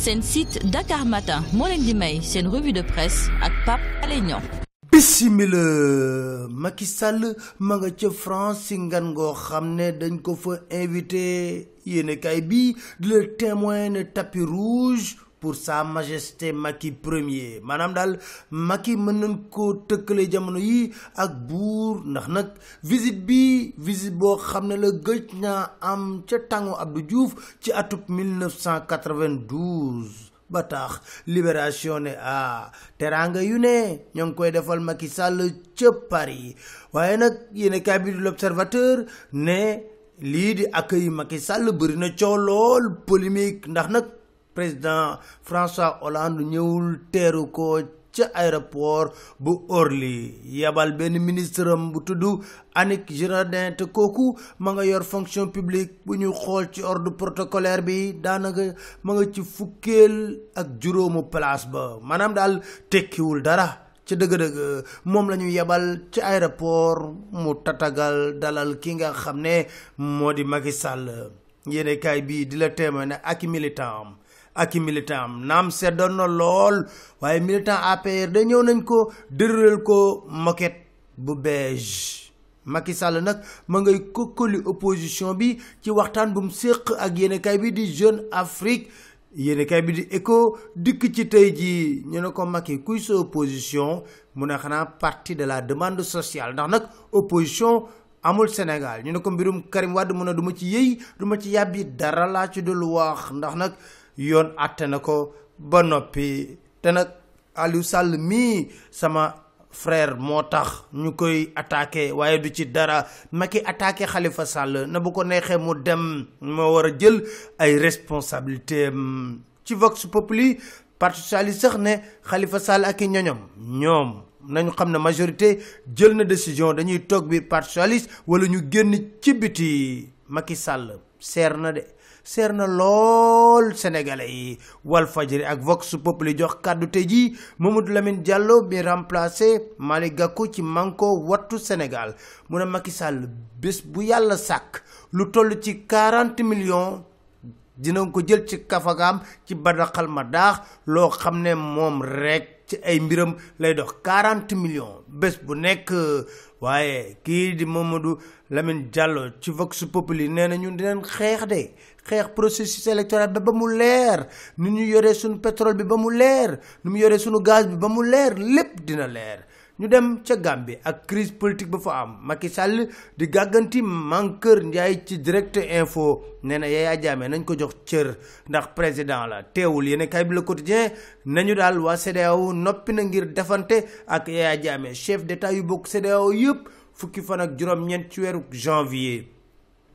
seen site Dakar Matin moo leen di may seen revue de presse ak Pape Alé Niang bisimila Macky Sall ma nga ca France si ngan ngoo xam ne dañ ko fa invité yéene kaay bi di le témoin ne tapis rouge pour sa majesté Macky premier maanaam daal Macky mën nañ ko tëkkale jamono yii ak buur ndax nag visite bi visit boo xam ne la gëj naa am ca tàngu Abdou Diouf ci atub 1992 ba tax libération ne ah teraanga yu ne ñoo ngi koy defal Macky sàll ca Paris waaye nag yéen kaay bi du l'observateur ne lii di accueil Macky sàll bëri na coow lool polémique ndax nag président François Hollande ñëwul teeru ko ca aéroport bu orli yebal benn ministre am bu tudd Annick Girardin te kooku ma nga yor fonction publique bu ñu xool ci ordre protocolaire bi daanaka ma nga ci fukkeel ak juróomu place ba maanaam daal tekkiwul dara. ci dëgg-dëgg moom la ñu yebal ci aéroport mu tatagal dalal ki nga xam ne moo di Macky Sall bii di la témoin ne ak am ak i militant am naam seddoon na lool waaye militant APR da ñëw nañ ko dëral ko moquette bu beige Macky Sall nag ma ngay kokkali opposition bi ci waxtaan bu mu séq ak yéenekaay bi di Jeune Afrique yéenekaay bi di Écho dikk ci tey jii ñu ne ko Macky kuy sa opposition mu ne xanaa partie de la demande sociale ndax nag opposition amul Sénégal ñu ne ko mbirum Karim Wade mu ne du ma ci yëy du ma ci yàbbi dara laa ci dul wax ndax nag yoon àtte na ko ba noppi te nag Aliou sàll mii sama frère moo tax ñu koy attaqué waaye du ci dara Macky attaqué xalifa Sall na bu ko neexee mu dem moo war a jël ay responsabilité ci Vox Populi Parti socialiste sax ne xalifa Sall ak i ñoñom ñoom nañu xam ne majorité jël na décision dañuy toog bi Parti socialiste wala ñu génn ci biti Macky Sall seer na de seer na lool sénégalais yi Walfadjri ak Vox Populi jox kàddu te ji Mamadou Lamine jàlloo bi remplacé Malick ci Manko Wattu Sénégal mu ne Macky Sall bés bu yàlla sàkk lu toll ci 40 million dina ko jël ci kafagam ci badaxal ma daax loo xam ne moom rek ci ay mbiram lay dox 40 million bés bu nekk waaye kii di Mamadou Lamine jàlloo ci Vox li nee na ñun dinañ xeex de xeex processus électoral bi ba mu leer nu ñu yore suñu pétrole bi ba mu leer nu mu yore suñu gaz bi ba mu leer lépp dina leer ñu dem ca bi ak crise politique ba fa am Macky sàll di gàgganti Mankeur Ndiaye ci directeur info nee na Yaya Jammeh nañ ko jox cër ndax président la teewul yéen kay bi Le Quotidien nañu daal waa CEDEAO noppi na ngir defante ak Yaya Jammeh chef d'état yu bokk CEDEAO yëpp fukki fan ak juróom-ñeent ci weeru janvier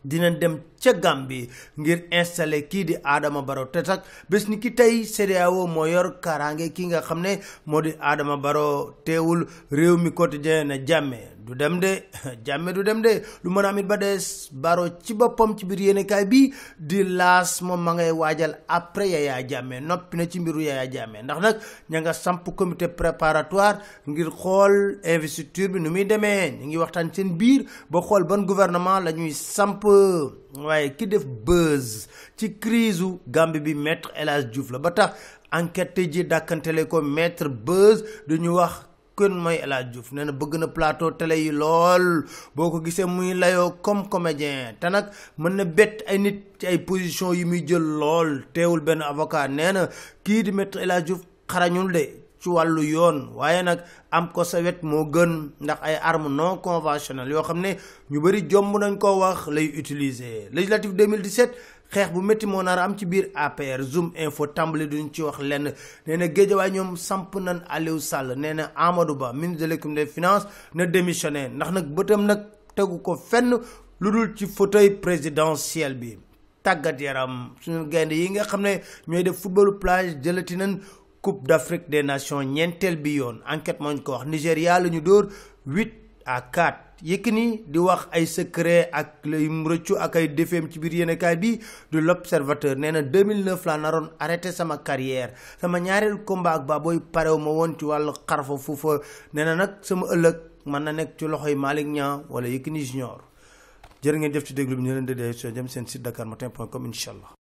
dina dem ca bi ngir installé kii di aadama Barrow te tak bés ni ki tey CEDEAO moo yor kaaraange ki nga xam ne moo di aadama Barrow teewul réew mi quotidien na jàmme du dem de jàmme du dem de lu mën a amit ba des Barrow ci boppam ci biir yéenekaay bi di laas moom ma ngay waajal après Yaya Jammeh noppi na ci mbiru Yaya Jammeh ndax nag ña nga samp comité préparatoire ngir xool investiture bi nu muy demee ñu ngi waxtaan seen biir ba xool ban gouvernement la ñuy samp waaye ki def buzz ci crise u Gambie bi maître El Hadj la ba tax enquête tey ji dàkkantele ko maître buzz ñu wax kën mooy El Hadj Diouf na bëgg na plateau télé yi lool boo ko gisee muy layoo comme comédien te nag mën na bett ay nit ci ay position yi muy jël lool teewul benn avocat nee kii di maître El Hadj xarañul de ci wàllu yoon waaye nag am ko sa wet moo gën ndax ay armes non conventionnelles yoo xam ne ñu bari jomb nañ koo wax lay utiliser législative 2017 xeex bu métti moo nar am ci biir APR Zoom info tàmbali duñ ci wax lenn nee na Géejawaay ñoom samp nañ Aliou Sall nee na Amadou Ba ministre de l'économie des finances na démissionné ndax nag bëtam nag tegu ko fenn lu dul ci fauteuil présidentiel bi tàggat yaram suñu gaynde yi nga xam ne ñooy def footballu plage coupe d'Afrique des nation ñeenteel bi yoon enquête moo ñu ko wax Nigéria la ñu dóor huit à quatre ni di wax ay secret ak lay rëccu ak ay defeem ci biir yéenekaay bi du l'Observateur nee na 2009 laa naroon arrêté sama carrière sama ñaareel combat ak Baboy parew ma woon ci wàllu xarfa fuufa nee na nag sama ëllëg mën na nekk ci loxoy Malick Niang wala Yékini Junior jërë ngeen jëf ci déglu bi ñu leen di dee soo jëm seen site dakarmatin.com incha allah.